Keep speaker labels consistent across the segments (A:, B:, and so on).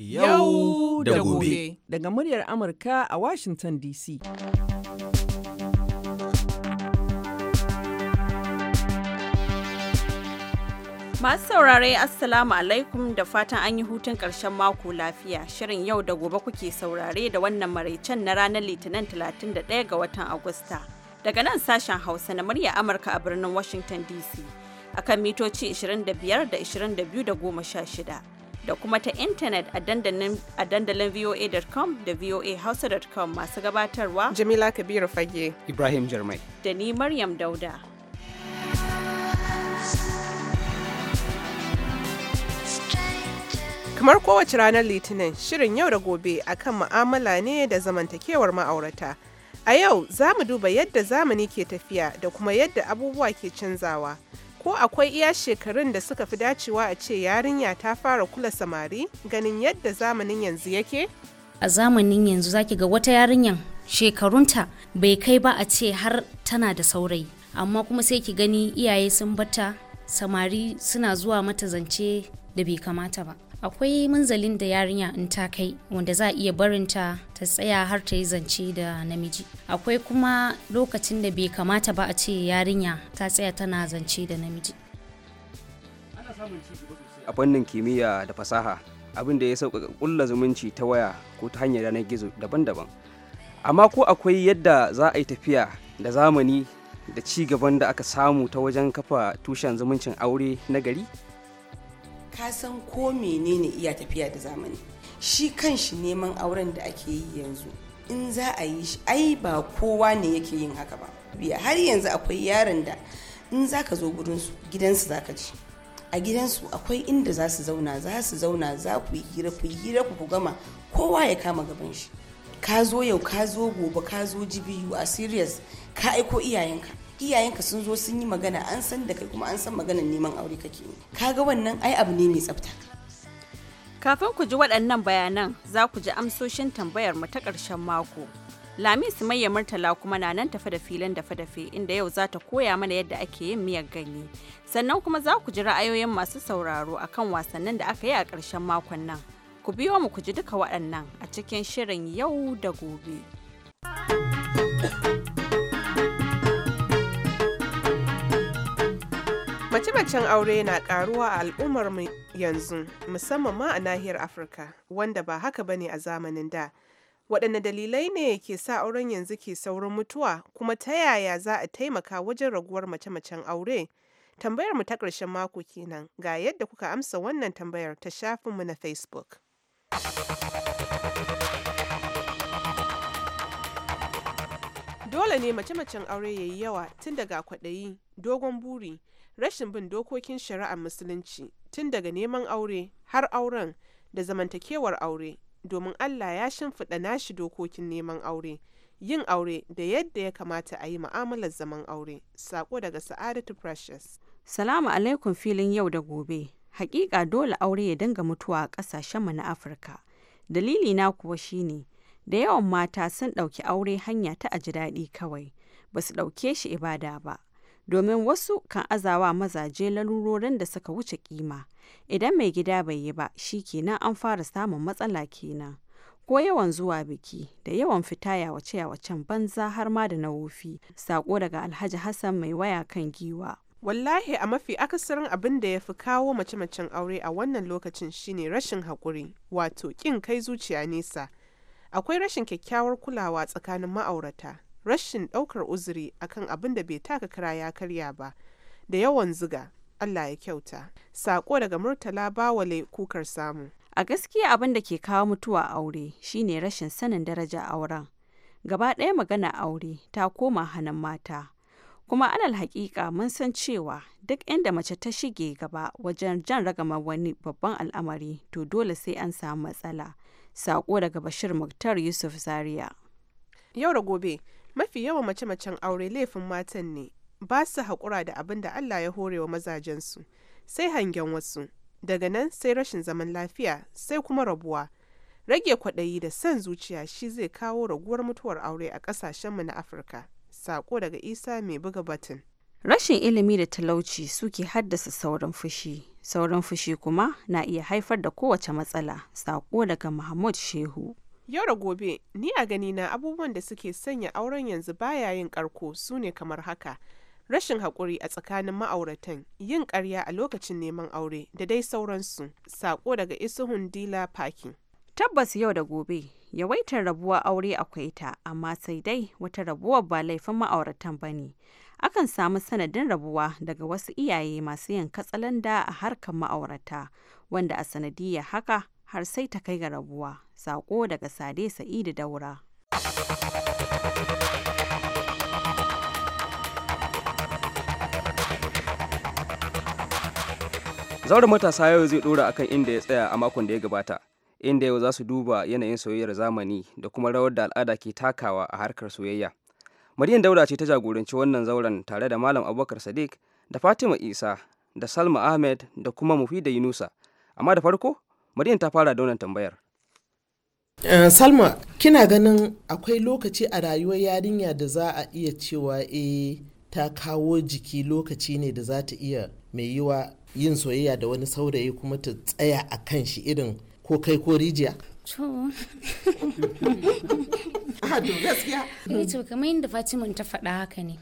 A: yau da gobe
B: daga muryar amurka a washington dc
C: Masu saurare Assalamu alaikum da fatan an yi hutun ƙarshen mako lafiya. Shirin yau da gobe kuke saurare da wannan maraicen na ranar Litinin 31 ga watan Agusta. Daga nan sashen Hausa na murya Amurka a birnin Washington DC. Akan mitoci 25 da 22 da 16. da kuma ta intanet a dandalin voa.com da voahausa.com masu gabatarwa Jamila Kabiru Fage
D: Ibrahim Jarmai
C: da ni Maryam Dauda.
D: Kamar kowace ranar Litinin, shirin yau da gobe akan ma'amala ne da zamantakewar ma'aurata. A yau za mu duba yadda zamani ke tafiya da kuma yadda abubuwa ke canzawa. ko akwai iya shekarun da suka fi dacewa a ce yarinya ta fara kula samari
E: ganin yadda zamanin yanzu yake? A zamanin yanzu zaki ga wata yarinyan shekarunta bai kai ba a ce har tana da saurayi amma kuma sai ki gani iyaye sun bata samari suna zuwa mata zance da bai kamata ba. akwai munzalin da yarinya in ta kai wanda za a iya barinta ta tsaya har ta yi zance da namiji akwai kuma lokacin da bai kamata ba a ce yarinya ta tsaya tana zance da namiji
B: a fannin kimiyya da fasaha abin da ya sauƙaƙa ƙulla zumunci ta waya ko ta hanyar yanar gizo daban-daban amma ko akwai yadda za a yi tafiya da zamani da ci gaban da aka samu ta wajen kafa tushen zumuncin aure na gari
F: ka san ko menene iya tafiya da zamani shi kan shi neman auren da ake yi yanzu in za a yi shi ai ba kowa ne yake yin haka ba biya har yanzu akwai yaran da in za ka zo gurinsu gidansu za ka ci a gidansu akwai inda za su zauna za su zauna za ku yi hira ku hira ku gama kowa ya kama gaban shi ka zo yau ka zo gobe ka zo biyu a serious ka aiko iyayenka iyayenka sun zo sun yi magana an san da kai kuma an san maganar neman aure kake kaga wannan ai abu ne mai tsafta
C: kafin ku ji waɗannan bayanan za ku ji amsoshin tambayar mu ta ƙarshen mako Lami Sumayya Murtala kuma na nan tafe da filin dafe dafe inda yau za ta koya mana yadda ake yin miyar ganye. Sannan kuma za ku ji ra'ayoyin masu sauraro akan wasannin da aka yi a ƙarshen makon nan. Ku biyo mu ku ji duka waɗannan a cikin shirin yau da gobe.
D: Mace-macen aure na karuwa a al'ummar mu yanzu, musamman ma a nahiyar Afirka, wanda ba haka bane a zamanin da. Waɗanne dalilai ne ke sa auren yanzu ke saurin mutuwa, kuma ta yaya za a taimaka wajen raguwar mace-macen aure? Tambayar mu ta ƙarshen mako kenan, ga yadda kuka amsa wannan tambayar ta shafin mu na Facebook. Dole ne mace-macen aure yayi yawa tun daga kwaɗayi, dogon buri, rashin bin dokokin shari'ar musulunci tun daga neman aure har auren da zamantakewar aure domin Allah ya shimfiɗa nashi dokokin neman aure yin aure da yadda ya kamata a yi ma'amalar zaman aure sako daga sa'adatu precious
C: salamu alaikum filin yau da gobe hakika dole aure ya dinga mutuwa a mu na afirka dalili na kuwa shine da yawan mata sun ɗauki aure hanya ta aji daɗi kawai ba su ɗauke shi ibada ba domin wasu kan azawa mazaje lalurorin da suka wuce kima idan mai gida bai yi ba shi kenan an fara samun matsala kenan ko yawan zuwa biki da yawan fita yawace yawacen banza har ma da na wofi sako daga alhaji hassan mai waya kan giwa wallahi
D: a mafi akasarin abin da ya fi kawo mace-macen aure a wannan lokacin shine rashin haƙuri wato ƙin kai zuciya nesa akwai rashin kyakkyawar kulawa tsakanin ma'aurata rashin ɗaukar uzuri akan abin da bai taka kira ya karya ba da yawan
C: zuga, Allah ya kyauta Saƙo daga murtala bawale kukar samu a gaskiya abin da ke kawo mutuwa aure shine rashin sanin daraja auren gaba ɗaya magana aure ta koma hannun mata kuma alal haƙiƙa mun san cewa duk inda mace ta shige gaba wajen jan ragama wani babban al'amari to dole sai an samu matsala Saƙo daga bashir muktar yusuf zaria yau da gobe
D: mafi yawan mace-macen aure laifin matan ne ba su haƙura da abin da Allah ya hore wa mazajensu sai hangen wasu daga nan sai rashin zaman lafiya sai kuma rabuwa rage kwaɗayi da san zuciya shi zai kawo raguwar mutuwar aure a ƙasashenmu na afirka sako daga isa mai buga batun
C: rashin ilimi da talauci suke haddasa saurin fushi saurin fushi kuma na iya haifar da kowace matsala sako daga mahmud shehu
D: Yau da gobe, ni a gani na abubuwan da suke sanya auren yanzu baya yin karko su ne kamar haka. Rashin haƙuri a tsakanin ma'auratan, yin ƙarya a lokacin neman aure da dai sauransu, saƙo daga Isuhun Dila
C: Paki. Tabbas yau da gobe, yawaitar rabuwa aure akwai ta, amma sai dai wata rabuwa ba laifin ma'auratan ba ne. Akan samu sanadin rabuwa daga wasu iyaye masu yin katsalanda a harkar ma'aurata, wanda a sanadiyar haka har sai ta kai ga rabuwa. Sako daga Sade Sa'idu Daura.
B: Zaura matasa yau zai dora akan inda ya tsaya a makon da ya gabata, inda yau za su duba yanayin soyayyar zamani da kuma rawar da al'ada ke takawa a harkar soyayya. Maryam Daura ce ta jagoranci wannan zauren tare da Malam Abubakar Sadiq da Fatima Isa da Salma Ahmed da kuma mufi da Yunusa. Amma da farko Maryam ta fara da wannan tambayar.
G: Eh, Salma, kina ganin akwai lokaci a rayuwar yarinya da za a iya cewa e ta kawo jiki lokaci ne da za ta iya mai yiwa yin soyayya da wani saurayi kuma ta tsaya a kan shi irin ko kai ko rijiya? To. Ah, eh,
E: to kamar yadda Fatiman ta faɗa haka ne.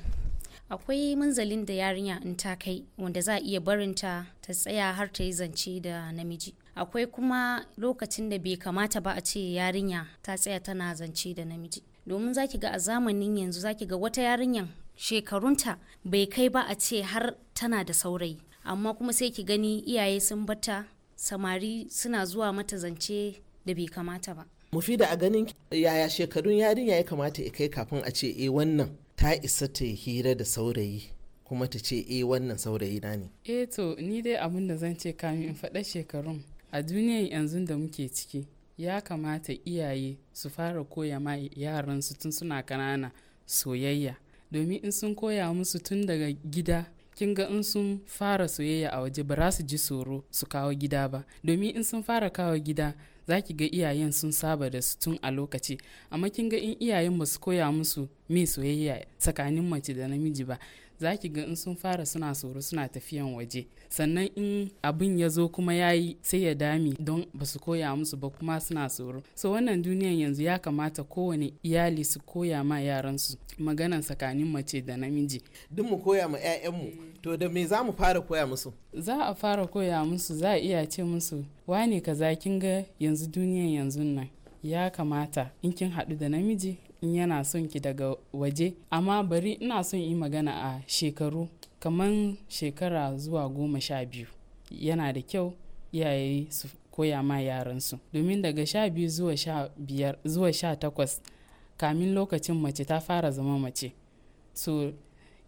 E: akwai munzalin da yarinya in ta kai wanda za a iya barinta ta tsaya har ta yi zance da namiji akwai kuma lokacin da bai kamata ba a ce yarinya ta tsaya tana zance da namiji domin zaki ga a zamanin yanzu zaki ga wata yarinyan shekarunta bai kai ba a ce har tana da saurayi amma kuma sai ki gani iyaye sun bata samari suna zuwa mata zance da bai kamata ba
G: mufida a ganin yaya shekarun yarinya ya kamata ya kai kafin a ce eh wannan ta isa ta hira da saurayi kuma ta ce eh wannan saurayi na
E: ne
H: eh to ni dai abin da zan ce kamin in faɗa shekarun A duniyar yanzu da muke ciki, ya kamata iyaye su fara koya ma yaransu tun suna kanana soyayya. Domin in sun koya musu tun daga gida, kin ga in sun fara soyayya a waje ba za su ji tsoro su kawo gida ba. Domin in sun fara kawo gida, za ki ga iyayen sun saba da su tun a lokaci. Amma kin ga in iyayen ba su koya musu mai soyayya tsakanin mace da namiji ba, za ki ga in sun fara suna tsoro suna tafiyan waje sannan in abin ya zo kuma ya yi sai ya dami don ba su koya musu ba kuma suna tsoro so wannan duniyan yanzu ya kamata kowane iyali su koya ma yaransu maganan tsakanin mace da namiji duk mu koya ma 'ya'yanmu to da me za mu fara koya musu za a fara koya musu za a iya ce musu wane kaza kin ga yanzu duniyan yanzu nan ya kamata in kin haɗu da namiji in yana son ki daga waje amma bari ina son yi magana a shekaru kamar shekara zuwa goma sha biyu yana da kyau iyaye su koya ma yaransu domin daga sha biyu zuwa sha biyar zuwa sha takwas kamin lokacin mace ta fara zama mace so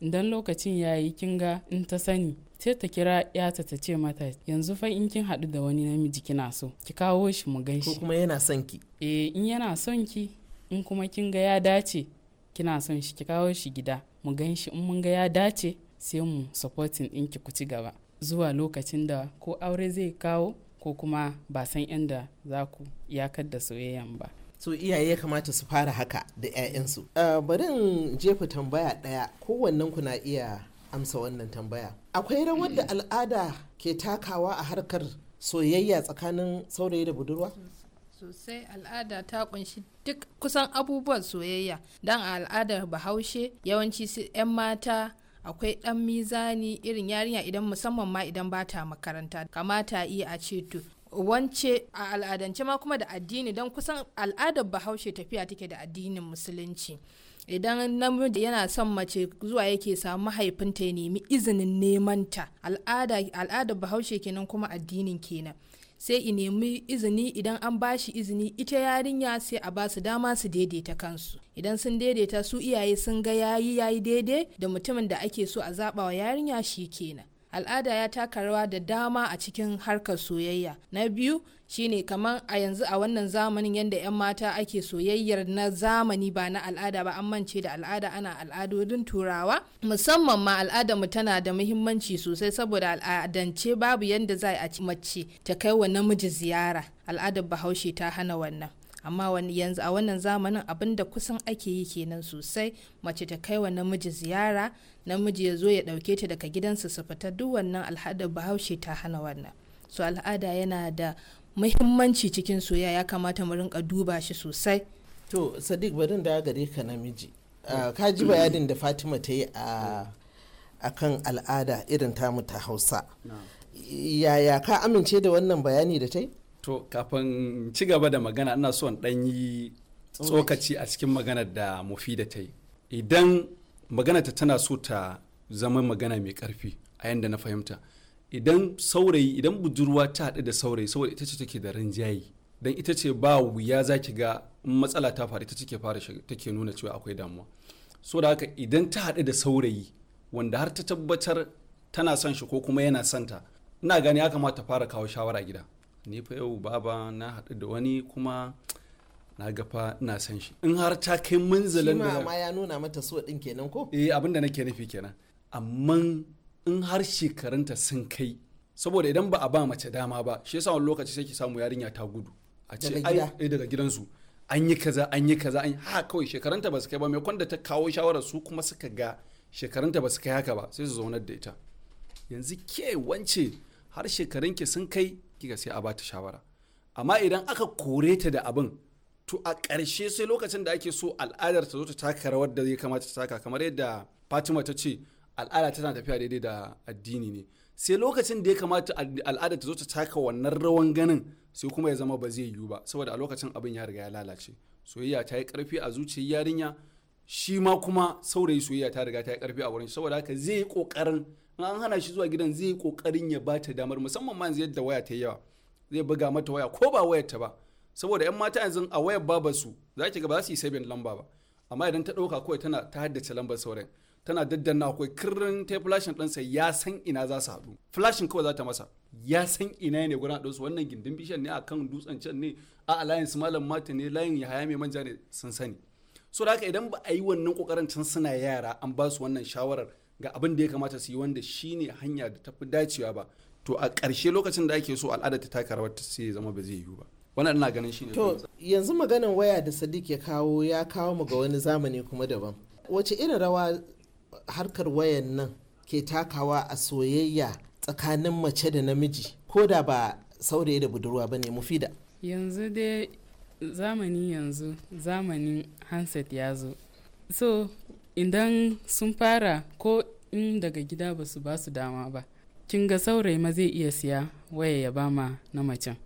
H: idan lokacin ya yi kin ga in ta sani sai ta kira yata ta ce mata yanzu fa in kin haɗu da wani namiji kina so ki kawo shi mu gan ko kuma yana son ki eh in yana son ki in kuma kin ga ya dace kina son shi ki kawo shi gida mu gan shi in mun ga ya dace sai mu din ki ku ci gaba zuwa lokacin da ko aure zai kawo ko kuma ba san inda za
G: ku iyakar da soyayyan ba so iyaye ya kamata su fara haka da 'ya'yansu ah, bari in jefa tambaya ɗaya kowannen ku na iya amsa wannan tambaya akwai rawar da al'ada ke takawa a harkar soyayya tsakanin saurayi da budurwa
I: sosai al'ada ta kunshi duk kusan abubuwan soyayya don a al'adar bahaushe yawanci su 'yan mata akwai dan mizani irin yarinya idan musamman ma idan ba ta makaranta kamata iya a ce to wance a al'adance ma kuma da addini don kusan al'adar bahaushe tafiya take da addinin musulunci idan namiji yana son mace zuwa yake samu mahaifinta ya nemi izinin nemanta al'adar bahaushe kenan kuma addinin kenan sai i nemi izini idan an bashi izini ita yarinya sai a ba su dama su daidaita kansu idan sun daidaita su iyaye sun ga yayi yayi daidai da mutumin da ake so a zaɓa wa yarinya shi kenan al'ada ya taka rawa da dama a cikin harkar soyayya na biyu shine kamar a yanzu a wannan zamanin yadda 'yan mata ake soyayyar na zamani ba na al'ada ba an mance da al'ada ana al'adodin turawa musamman ma al'ada mu tana da muhimmanci sosai saboda al'adance babu yadda za a ci mace ta kai wa namiji ziyara al'adar bahaushe ta hana wannan amma yanzu a wannan zamanin abinda da kusan ake yi kenan sosai mace ta kai wa namiji ziyara namiji ya zo ya dauke ta daga gidansa su fita duk wannan al'ada bahaushe ta hana wannan su al'ada yana da muhimmanci cikin soya ya kamata mu rinka duba shi sosai to sadiq barin da gare ka namiji
G: ah, ka ji bayanin da fatima ta yi a kan al'ada irin tamu ta hausa yaya ka amince da wannan bayani da ta yi
J: to kafin ci gaba da magana ina son ɗan yi tsokaci a cikin maganar da mufi da ta yi idan magana ta tana so ta zama magana mai karfi a yanda na fahimta idan saurayi idan budurwa ta haɗu da saurayi saboda ita ce take da rinjaye don ita ce ba wuya za ki ga matsala ta faru ita ce fara take nuna cewa akwai damuwa so haka idan ta haɗu da saurayi wanda har ta tabbatar tana son shi ko kuma yana son ta ina gani ya kamata fara kawo shawara gida ni fa yau baba na haɗu da wani kuma na ga fa ina san shi in har ta kai munzalin da amma ya nuna mata so din kenan ko eh abin da nake nufi kenan amma in har shekarunta sun kai saboda idan ba a ba mace dama ba shi yasa wani lokaci sai ki samu yarinya ta gudu a ce ai eh, daga gidansu an yi kaza an yi kaza an ha kawai shekarunta ba su kai ba mai kwanda ta kawo shawarar su kuma suka ga shekarunta ba su kai haka ba sai su zauna da ita yanzu ke wance har shekarunki sun kai kika sai a ba ta shawara amma idan aka kore ta da abin to a ƙarshe sai lokacin da ake so al'adar ta zo ta taka rawar da zai kamata ta taka kamar yadda fatima ta ce al'ada tana tafiya daidai da addini ne sai lokacin da ya kamata al'ada ta zo ta taka wannan rawan ganin sai kuma ya zama ba zai yiwu ba saboda a lokacin abin ya riga ya lalace soyayya ta yi ƙarfi a zuciyar yarinya shi ma kuma saurayi soyayya ta riga ta yi ƙarfi a wurin saboda haka zai yi ƙoƙarin an hana shi zuwa gidan zai yi ƙoƙarin ya bata damar musamman ma yanzu yadda waya ta yi yawa zai buga mata waya ko ba wayar ta ba saboda yan mata yanzu a wayar babar su za ki ga ba su yi sabin lamba ba amma idan ta ɗauka kawai tana ta haddace lambar sauran tana daddanna akwai kirrin ta flashin ɗansa ya san ina za su haɗu flashin kawai za ta masa ya san ina ne gurin haɗu su wannan gindin bishan ne a kan dutsen can ne a su malam mata ne layin ya haya mai manja ne sun sani so da haka idan ba a yi wannan kokarin can suna yara an ba su wannan shawarar ga abin da ya kamata su yi wanda shine hanya da ta fi dacewa ba to a ƙarshe lokacin da ake so al'ada ta taka rawar ta sai zama ba zai yiwu ba wannan ina ganin ne to
G: yanzu maganin waya da sadiq ya kawo ya kawo mu ga wani zamani kuma daban wace irin rawa harkar wayan nan ke takawa a soyayya tsakanin mace da namiji ko da ba saurayi da budurwa ba ne mufida
H: yanzu dai zamani yanzu zamanin handset ya zo so idan sun fara ko in daga gida ba su ba su dama ba kin ga saurayi ma zai iya siya waya ya bama na macen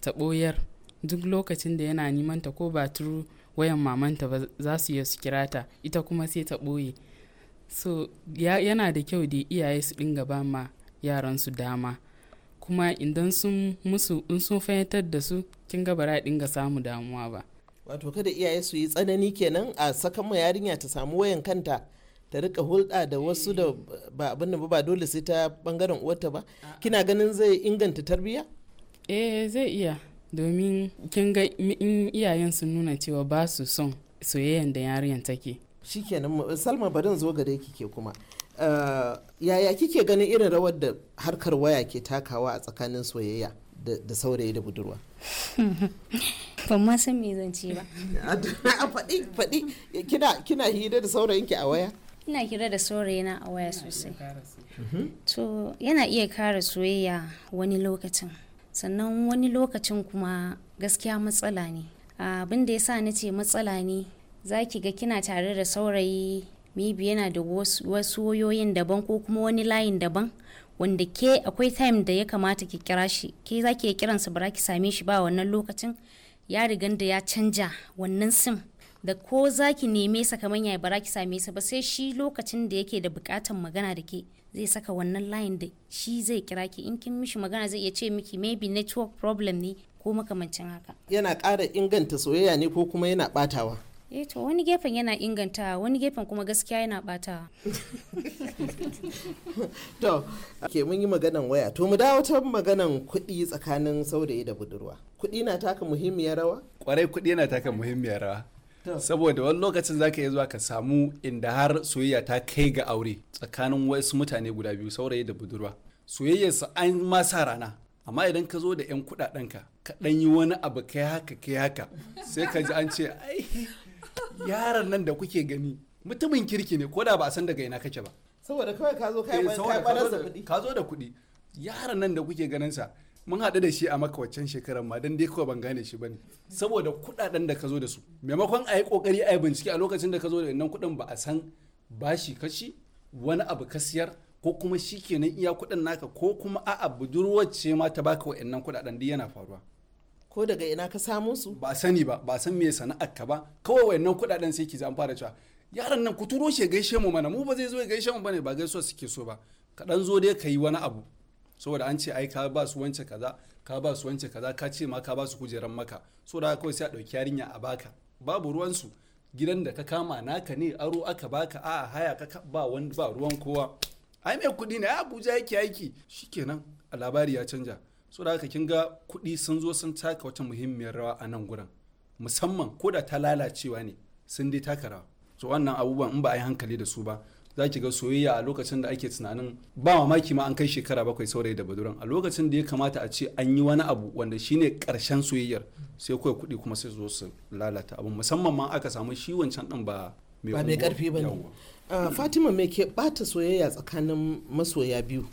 H: ta boyar. duk lokacin da yana nimanta ko ba turu wayan mamanta ba za su iya su kira ta ita kuma sai ta ɓoye so yana da kyau da iyaye su dinga ba ma su dama kuma idan sun musu in sun fahimtar da su kin ga
G: bara dinga samu damuwa ba wato kada iyaye su yi tsanani kenan a sakan ma yarinya ta samu wayan kanta ta rika hulɗa da wasu da ba abin da ba dole sai ta bangaren uwarta ba kina ganin zai inganta tarbiyya eh zai iya domin
H: kin ga in iyayen sun nuna cewa ba su son soyayyan da yarinyar take
G: shikenan salma barin zo gare ki ke kuma eh, yaya kike ganin irin rawar da harkar waya ke takawa a tsakanin soyayya da saurayi da budurwa ban ma san me zan ce ba a faɗi faɗi kina hira da saurayinki a waya
E: ina hira da saurayina a waya sosai mhm. to yana iya kara soyayya wani lokacin sannan wani lokacin kuma gaskiya matsala ne abin da ya sa na ce matsala ne za ki ga kina tare da saurayi maybe yana da wasu wayoyin daban ko kuma wani layin daban wanda ke akwai time da ya kamata ki kira shi ke za ki kiransa ba ki same shi ba wannan lokacin ya riganda ya canja wannan sim da ko za ki neme sa kamar yaya bara ki same sa ba sai shi lokacin da yake da bukatan magana da ke zai saka wannan layin da shi zai kira ki in kin mishi magana zai iya ce miki maybe network problem ne ko makamancin haka
G: yana ƙara inganta soyayya ne ko kuma yana batawa
E: E, eh to wani gefen yana inganta wani gefen kuma gaskiya yana bata
G: to ke mun yi maganan waya to mu dawo ta maganan kuɗi tsakanin saurayi da budurwa kuɗi na taka
J: muhimmiyar rawa kwarai kuɗi na taka muhimmiyar rawa saboda wani lokacin zaka iya zuwa ka samu inda har soyayya ta kai ga aure tsakanin wasu mutane guda biyu saurayi da budurwa soyayyarsa an ma sa rana amma idan ka zo da 'yan kudaden ka ɗan yi wani abu kai haka kai haka sai ka ji an ce ai yaran nan da kuke gani mutumin kirki ne ko da ba a san daga ina kake ba
G: saboda kawai ka zo kai eh,
J: ka zo da kuɗi yaran nan da kuke ganin sa mun haɗu da shi a maka waccan shekarar ma dan dai kawai ban gane shi bane saboda kuɗaɗen da ka zo da su maimakon a yi ƙoƙari a yi bincike a lokacin da ka zo da wannan kuɗin ba a san bashi kashi wani abu ka siyar ko kuma shi kenan iya kuɗin naka ko kuma a'a budurwar ce ma ta baka wa'annan kuɗaɗen duk yana faruwa
G: ko daga ina ka
J: samu su ba sani ba ba san me sana'ar ka ba kawai wa'annan kuɗaɗen sai ki zan fara cewa yaran nan ku turo shi gaishe mu mana mu ba zai zo ya gaishe mu bane ba gaisuwa suke so ba kaɗan zo dai ka yi wani abu saboda an ce ai ka ba su wance kaza ka ba su wance kaza ka ce ma ka ba su kujeran maka saboda kawai sai a dauki yarinya a baka babu ruwansu gidan da ka kama naka ne aro aka baka a haya ka ba wani ba ruwan kowa ai mai kuɗi ne a abuja yake aiki shikenan a labari ya canja saboda haka kin ga kuɗi sun zo sun taka wata muhimmiyar rawa a nan gurin musamman ko da ta lalacewa ne sun dai taka rawa so wannan abubuwan in ba a yi hankali da su ba za ki ga soyayya a lokacin da ake tunanin ba mamaki ma an kai shekara bakwai saurayi da baduran a lokacin da ya kamata a ce an yi wani abu wanda shine karshen soyayyar sai kawai kuɗi kuma sai zo su lalata abu musamman ma aka samu shi wancan ɗin ba mai karfi ba ne ah, fatima mai ke bata soyayya tsakanin masoya biyu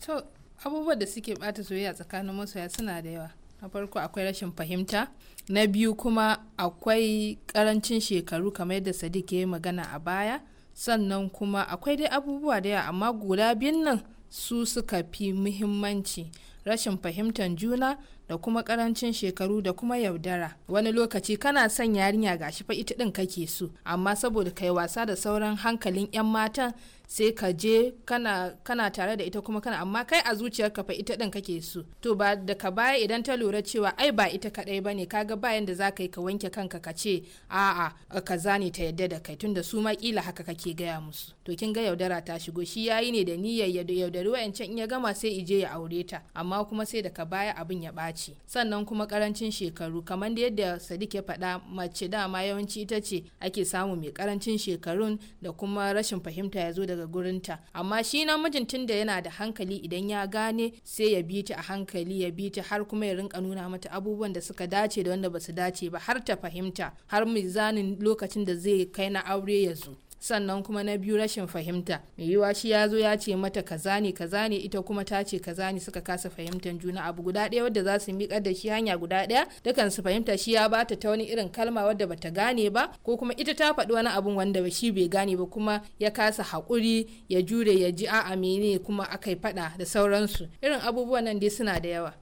I: to abubuwan da suke bata soyayya tsakanin masoya suna da yawa na farko akwai rashin fahimta na biyu kuma akwai karancin shekaru kamar yadda sadiq ya yi magana a baya sannan kuma akwai dai abubuwa da yawa amma guda bin nan su suka fi muhimmanci rashin fahimtar juna da kuma karancin shekaru da kuma yaudara wani lokaci kana son yarinya gashi fa ita din kake so amma saboda kai wasa da sauran hankalin 'yan matan sai ka je kana tare da ita kuma kana amma kai a zuciyar ka fa ita din kake so to ba da ka baya idan ta lura cewa ai ba ita kadai bane kaga bayan da za ka yi ka wanke kanka ka ce a'a ka zani ta yadda da kai tunda su ma kila haka kake gaya musu to kin ga yaudara ta shigo shi yayi ne da niyyar ya yaudari wayancan in ya gama sai ije ya aure ta amma kuma sai da baya abin ya ɓaci sannan kuma karancin shekaru kamar da yadda Sadiq ya faɗa mace dama yawanci ita ce ake samu mai karancin shekarun da kuma rashin fahimta ya zo da daga gurinta amma shi namijin da yana da hankali idan ya gane sai ya bi ta a hankali ya bi ta har kuma ya rinka nuna mata abubuwan da suka dace da wanda basu dace ba har ta fahimta har mizanin lokacin da zai kai na aure ya zo sannan kuma na biyu rashin fahimta mai yiwa shi ya zo ya ce mata kaza ne kaza ne ita kuma ta ce kaza ne suka kasa fahimtar juna abu guda ɗaya wadda za su miƙar da shi hanya guda ɗaya dukan su fahimta shi ya bata ta wani irin kalma wadda bata gane ba ko kuma ita ta faɗi wani abun wanda shi bai gane ba kuma ya kasa haƙuri ya jure ya ji a'a mene kuma akai faɗa da sauransu irin abubuwan nan dai suna da yawa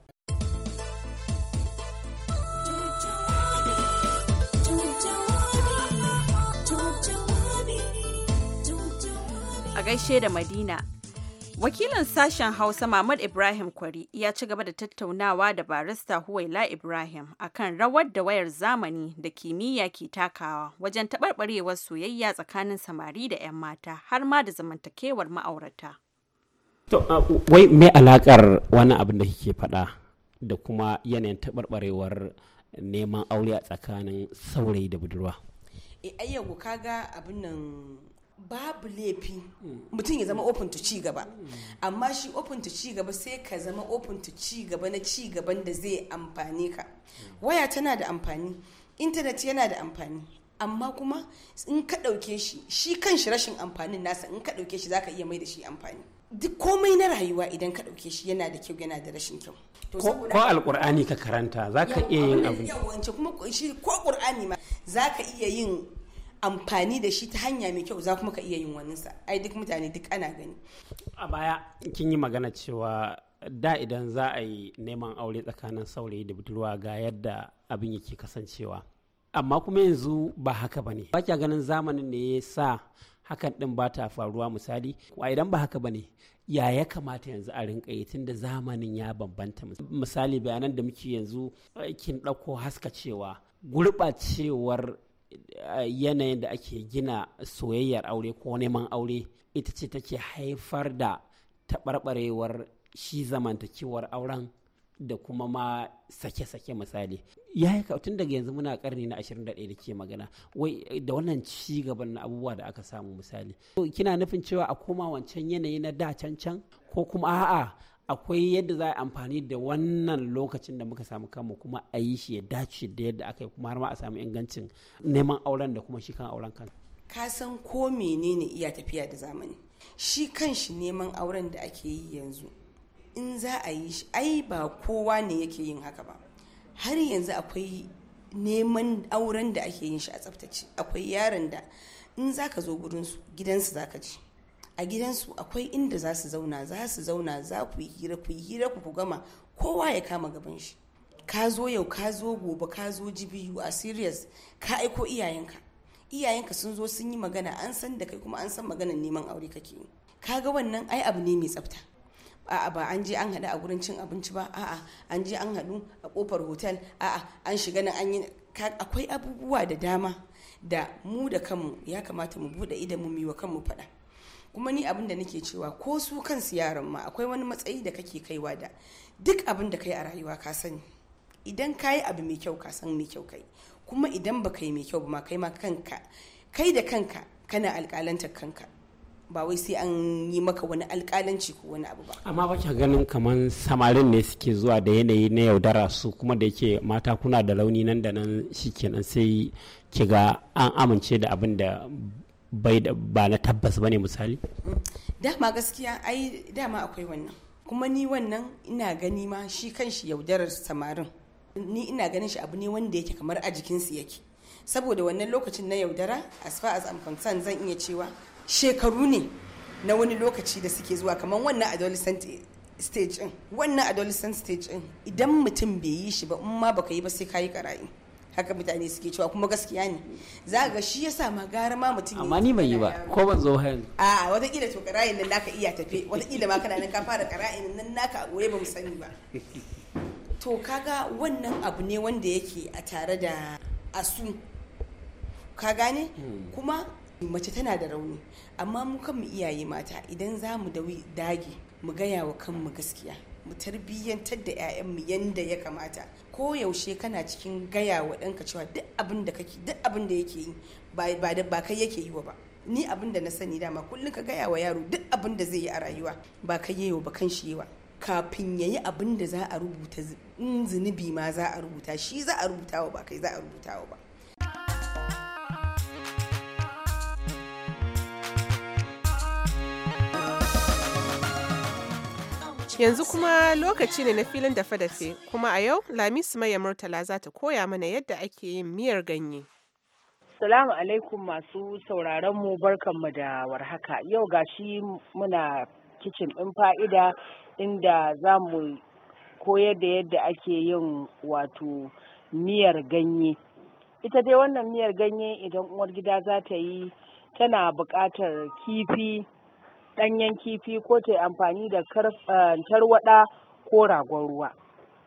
C: a gaishe da Madina. Wakilin sashen Hausa Mahmud Ibrahim Kwari ya ci gaba da tattaunawa da barista Huwaila Ibrahim akan rawar da wayar zamani da kimiyya ke takawa wajen taɓarɓarewar soyayya tsakanin samari da 'yan mata har ma da zamantakewar ma'aurata.
K: To, wai mai alakar wani abin da kike faɗa da kuma yanayin tabarbarewar neman aure a tsakanin saurayi da budurwa?
F: E, eh, kaga abin nan babu laifi hmm. mutum ya zama open to ci gaba hmm. amma shi open to ci gaba sai ka zama open to ci gaba na ci gaban da zai amfani ka hmm. waya tana da amfani intanet yana da amfani amma kuma in ka ɗauke shi shi kan shi rashin amfanin nasa in ka ɗauke shi zaka iya mai da shi amfani duk komai na rayuwa idan ka ɗauke shi yana da kyau yana da rashin kyau ko
K: alƙur'ani ka karanta zaka iya yin abu
F: kuma shi ko ƙur'ani ma zaka iya yin amfani da shi ta hanya mai kyau za kuma ka iya yin waninsa ai duk mutane duk ana gani a baya
K: kin yi magana cewa da idan za a yi neman aure tsakanin saurayi da budurwa ga yadda abin yake kasancewa amma kuma yanzu ba haka ba ne ganin zamanin ne ya sa hakan din ba ta faruwa misali a idan ba haka bane ya ya kamata yanzu a rinka yi tunda zamanin ya bambanta misali bayanan da muke yanzu eh, kin ɗauko haska cewa gurɓacewar yanayin da ake gina soyayyar aure ko neman aure ita ce take haifar da taɓarɓarewar shi zamantakewar auren da kuma ma sake-sake misali ya yi tun daga yanzu muna karni na 21 da ke magana wai da wannan ci gaban na abubuwa da aka samu misali kina nufin cewa a koma wancan yanayi na da can can ko kuma a'a akwai yadda za a yi amfani da wannan lokacin da muka samu kanmu kuma a yi shi ya dace da yadda aka yi kuma har ma a samu ingancin neman auren da kuma shi kan auren kan
F: ka san ko menene iya tafiya da zamani shi kan shi neman auren da ake yi yanzu in za a yi shi ai ba kowa ne yake yin haka ba har yanzu akwai neman auren da ake yin shi a tsaftace akwai yaran da in za ka zo gurinsu gidansu za ka ji a gidansu akwai inda za su zauna za su zauna za ku yi hira ku yi hira ku gama kowa ya kama gaban shi ka zo yau ka zo gobe ka zo jibiyu a serious ka aiko iyayenka iyayenka sun zo sun yi magana an san da kai kuma an san maganar neman aure kake ka ga wannan ai abu ne mai tsafta a'a ba an je an haɗu a gurin cin abinci ba a'a an je an haɗu a kofar hotel a'a an shiga nan an yi akwai abubuwa da dama da mu da kanmu ya kamata mu buɗe idan mu yi wa kanmu faɗa kuma ni abin da nake cewa ko su kansu yaran ma akwai wani matsayi da kake kaiwa da duk abin da kai a rayuwa ka sani idan ka yi abu mai kyau ka san mai kyau kai kuma idan ba yi mai kyau ba ma kai ma kanka kai da kanka kana alƙalantar kanka ba wai sai an yi maka wani alƙalanci ko wani abu ba
K: amma ba ka ganin kamar samarin ne suke zuwa da yanayi na yaudara su kuma da yake mata kuna da launi nan da nan shikenan sai kiga an amince da abin da bai ba na tabbas bane misali
F: dama gaskiya ai dama akwai wannan kuma ni wannan ina gani ma shi kan shi yaudarar samarin ni ina ganin shi abu ne wanda yake kamar a jikinsu yake saboda wannan lokacin na yaudara as far as I'm concerned zan iya cewa shekaru ne na wani lokaci da suke zuwa kamar wannan adolescent stage in wannan adolescent stage in idan mutum bai yi shi ba in ma baka yi ba sai kayi karayi haka mutane suke cewa kuma gaskiya ne za ga shi ya ma gara ma mutum amma ni mai yi ba ko ban zo hayan a wata kila to karayin nan naka iya tafe wata kila ma kana nan ka fara karayin nan naka a goye ba mu sani ba to kaga wannan abu ne wanda yake a tare da asu ka gane hmm. kuma mace tana da rauni amma mu kan mu iyaye mata idan za mu dage mu gaya wa kanmu gaskiya mu tarbiyyantar da 'ya'yanmu yadda ya kamata koyaushe kana cikin gaya wa ɗanka cewa duk abin da kake duk abin da yake yi ba kai yake yi wa ba ni abin da na sani dama kullum ka gaya wa yaro duk abin da zai yi a rayuwa ba kai yayi ba kan shi yawa kafin ya yi abin da za a rubuta in zunubi ma za a rubuta shi za a rubuta wa ba kai za a rubuta wa ba Yanzu
D: kuma lokaci ne na filin dafe-dafe, kuma a yau Lamisu Maya Murtala za ta koya mana yadda
A: ake yin miyar ganye. Salamu alaikum masu sauraron mu mu da warhaka. Yau gashi muna kicin ɗin fa'ida inda za mu koyar da yadda ake yin wato miyar ganye. Ita dai wannan miyar ganye idan uwar gida za ta yi tana buƙatar kifi ɗanyen kifi ko ta yi amfani da eh, tarwaɗa ko ragon ruwa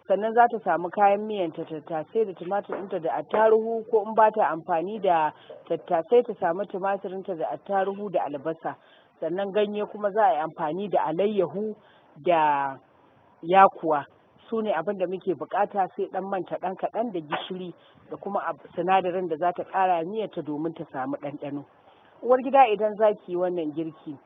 A: sannan za ta samu kayan miyanta tattasai da tumatir ɗinta da attaruhu ko in ba ta amfani da tattasai ta samu tumatirinta da attaruhu da albasa sannan ganye kuma za a yi amfani da alayyahu da yakuwa su ne abin da muke bukata sai dan manta ɗan kaɗan da gishiri da kuma sinadarin da za ta ƙara miyarta domin ta samu ɗanɗano uwar gida idan za ki yi wannan girki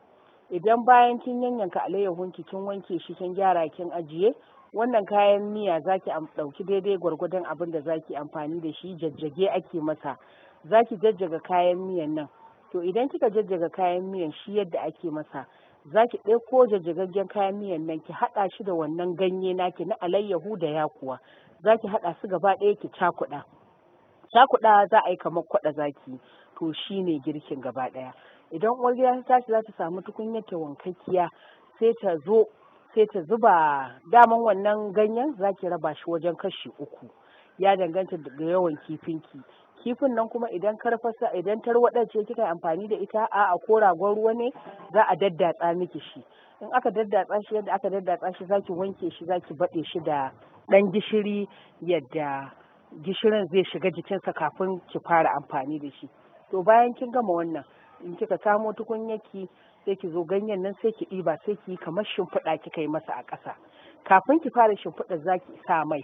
A: idan bayan kin yanyanka alayyahun ki kin wanke shi kin gyara kin ajiye wannan kayan miya zaki ɗauki daidai gwargwadon abin da zaki amfani da shi jajjage ake masa zaki jajjaga kayan miyan nan to idan kika jajjaga kayan miyan shi yadda ake masa zaki ɗauko jajjagaggen kayan miyan nan ki haɗa shi da wannan ganye naki na alayyahu da yakuwa zaki haɗa su gaba ɗaya ki cakuɗa cakuɗa za a yi kamar kwaɗa zaki to shine girkin gaba ɗaya idan uwargida ta tashi za ta samu tukunyar ta wankakkiya sai ta zo sai ta zuba daman wannan ganyen za ki raba shi wajen kashi uku ya danganta da yawan kifinki kifin nan kuma idan karfasa idan ce kika amfani da ita a a ko ragon ruwa ne za a daddatsa miki shi in aka daddatsa shi yadda aka daddatsa shi za ki wanke shi za ki baɗe shi da ɗan gishiri yadda gishirin zai shiga jikinsa kafin ki fara amfani da shi to bayan kin gama wannan in kika samo tukunyaki sai ki zo ganyen nan sai ki ɗiba sai ki kamar shimfiɗa kika yi masa a ƙasa kafin ki fara shimfiɗa za ki sa mai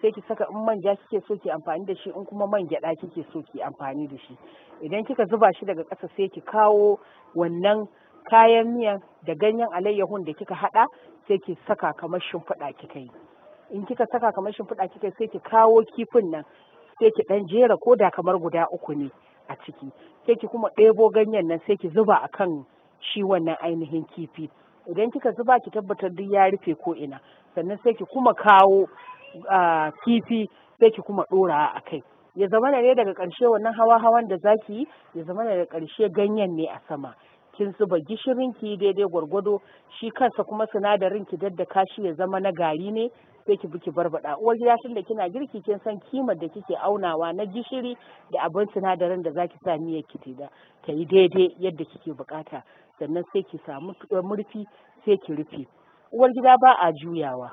A: sai ki saka in manja kike so ki amfani da shi in kuma man gyaɗa kike so ki amfani da shi idan kika zuba shi daga ƙasa sai ki kawo wannan kayan miyan da ganyen alayyahun da kika haɗa sai ki saka kamar shimfiɗa kika yi in kika saka kamar shimfiɗa kika sai ki kawo kifin nan sai ki ɗan jera ko da kamar guda uku ne a ciki sai ki kuma ɗebo ganyen nan sai ki zuba a kan shi wannan ainihin kifi idan kika zuba ki tabbatar duk ya rufe ko ina sannan sai ki kuma kawo kifi sai ki kuma ɗora a kai ya zama ne daga ƙarshe wannan hawa hawan da zaki yi ya zama daga ƙarshe ganyen ne a sama kin zuba gishirin ki daidai gwargwado shi kansa kuma sinadarin ki daddaka shi ya zama na gari ne sai ki buki barbada uwar gida tun da kina girki kin san kimar da kike aunawa na gishiri da abin sinadarin da zaki sa miyar ki da ta yi daidai yadda kike bukata sannan sai ki samu murfi sai ki rufe uwar gida ba a juyawa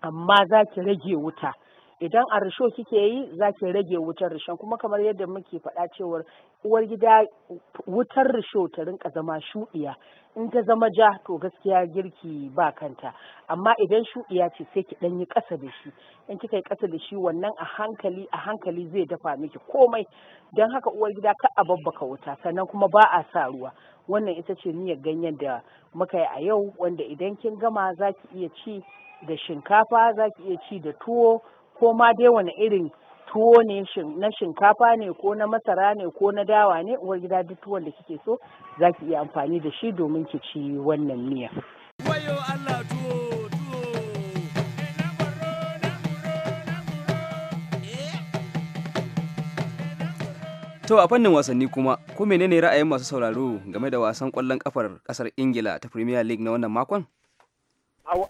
A: amma zaki rage wuta idan a risho kike yi za ki rage wutar rishon kuma kamar yadda muke faɗa cewar uwar gida wutar risho ta rinka zama shuɗiya in ta zama ja to gaskiya girki ba kanta amma idan shuɗiya ce sai ki ɗan yi ƙasa da shi in kika yi ƙasa da shi wannan a hankali a hankali zai dafa miki komai don haka uwar gida ka a babbaka wuta sannan kuma ba a sa ruwa wannan ita ce niyyar ganyen da muka yi a yau wanda idan kin gama za ki iya ci da shinkafa za ki iya ci da tuwo ko ma dai wani irin tuwo ne na shinkafa ne ko na masara ne ko na dawa ne uwar gida duk tuwon da kike so za ki iya amfani da shi domin ki ci wannan miya.
B: To a fannin wasanni kuma, ko menene ra'ayin masu sauraro game da wasan ƙwallon ƙafar ƙasar Ingila ta Premier League na wannan makon?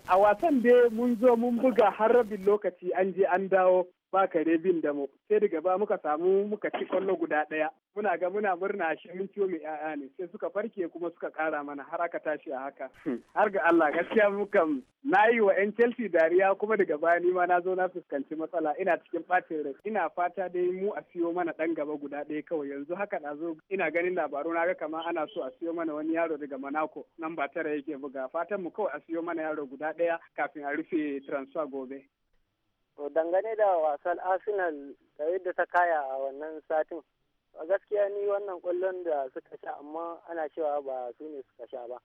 L: a wasan dai mun zo mun buga har rabin lokaci an je an dawo ba kare bin da mu sai daga ba muka samu muka ci kwallo guda ɗaya muna ga muna murna shi mun ciwo mai ƴaƴa ne sai suka farke kuma suka kara mana har aka tashi a haka hmm. har ga Allah gaskiya mukan na yi wa 'yan Chelsea dariya kuma daga baya ni ma na zo na fuskanci matsala ina cikin ɓacin rai ina fata dai mu a siyo mana ɗan gaba guda ɗaya kawai yanzu haka na zo ina ganin labaru na ga kamar ana so a siyo mana wani yaro daga Monaco nan ba tara yake buga fatan mu kawai a siyo mana yaro guda ɗaya kafin a rufe transfer gobe. To dangane da wasan Arsenal da yadda ta kaya a wannan satin, a gaskiya ni wannan kwallon da suka sha amma ana cewa ba su ne suka sha ba.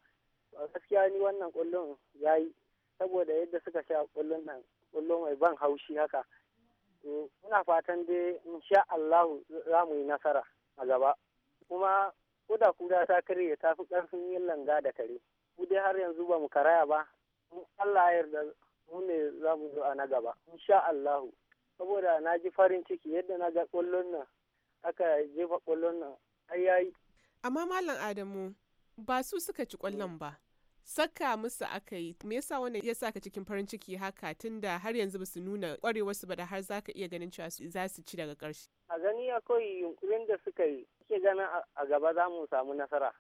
L: A gaskiya ni wannan kwallon ya yi saboda yadda suka sha kwallon nan kwallon mai ban haushi haka. Muna fatan dai insha Allahu za mu yi nasara a gaba. Kuma kuda kuda ta karye ta fi ƙarfin yin langa da kare. Mu dai har yanzu ba mu karaya ba. Allah ya yarda mu ne za mu zo a na gaba insha Allahu saboda na ji farin ciki yadda na ga ƙwallon nan aka jefa ƙwallon nan ai yayi
D: amma malam Adamu ba su suka ci ƙwallon ba saka musu aka yi me yasa wannan ya saka cikin farin ciki haka tunda har yanzu ba su nuna kwarewar su ba da har zaka iya ganin cewa za su ci daga ƙarshe
L: a gani akwai yunkurin da suka yi ke gana a gaba za mu samu nasara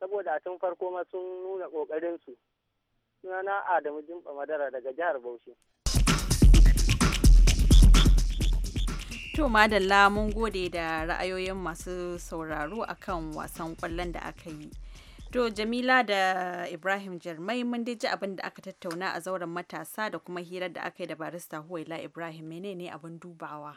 L: saboda tun farko ma sun nuna ƙoƙarin su sunana Adamu Jimba Madara daga jihar Bauchi.
C: To madalla mun gode da ra'ayoyin masu sauraro akan wasan kwallon da aka yi. To Jamila da Ibrahim Jarmai mun dai ji abin da aka tattauna a zauren matasa da kuma hirar da aka yi da barista Huwaila Ibrahim menene abin dubawa.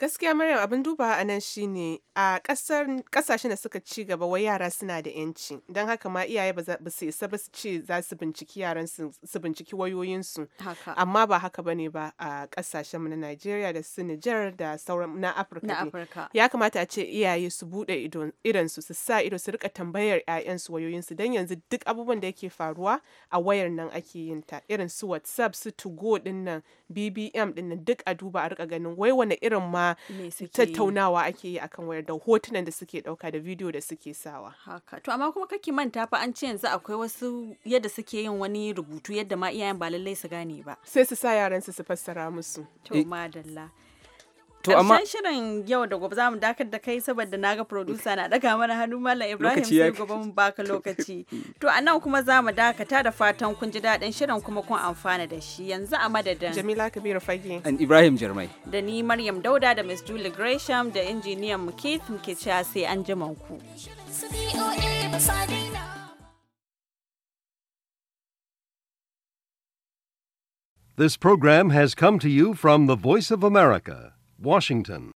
D: Gaskiya Maryam abin duba a nan shine a kasashen da suka ci gaba wa yara suna da yanci don haka ma iyaye ba su isa ba su ce za su binciki yaran su binciki wayoyinsu. Amma ba haka bane ba a mu na Najeriya da su Nijar da sauran na Afirka. Ya kamata a ce iyaye su bude idon su su sa ido su rika tambayar 'ya'yansu wayoyinsu don yanzu duk abubuwan da yake faruwa a wayar nan ake yin ta irin su WhatsApp su Tugo din nan bbm din duk a duba a rika ganin wai wane irin ma
C: tattaunawa ake yi akan wayar da hotunan da suke dauka da bidiyo da suke sawa haka to amma kuma kake manta fa an ce yanzu akwai wasu yadda suke yin wani rubutu yadda ma iyayen ba lallai su gane ba sai su sa yaran su su fassara musu to eh. madalla To amma shirin yau da gobe zamu dakar da kai saboda naga producer na daga mana hannu mallam Ibrahim sai gobe mun baka lokaci. To a nan kuma zamu dakata da fatan kun ji daɗin shirin kuma kun amfana da shi. Yanzu a madadin Jamila Kabiru Fage
B: and Ibrahim Jarmai
C: da ni Maryam Dauda da Miss Julie Gresham da injiniyan mu Keith muke cewa sai an ji ku.
J: This program has come to you from the Voice of America. Washington.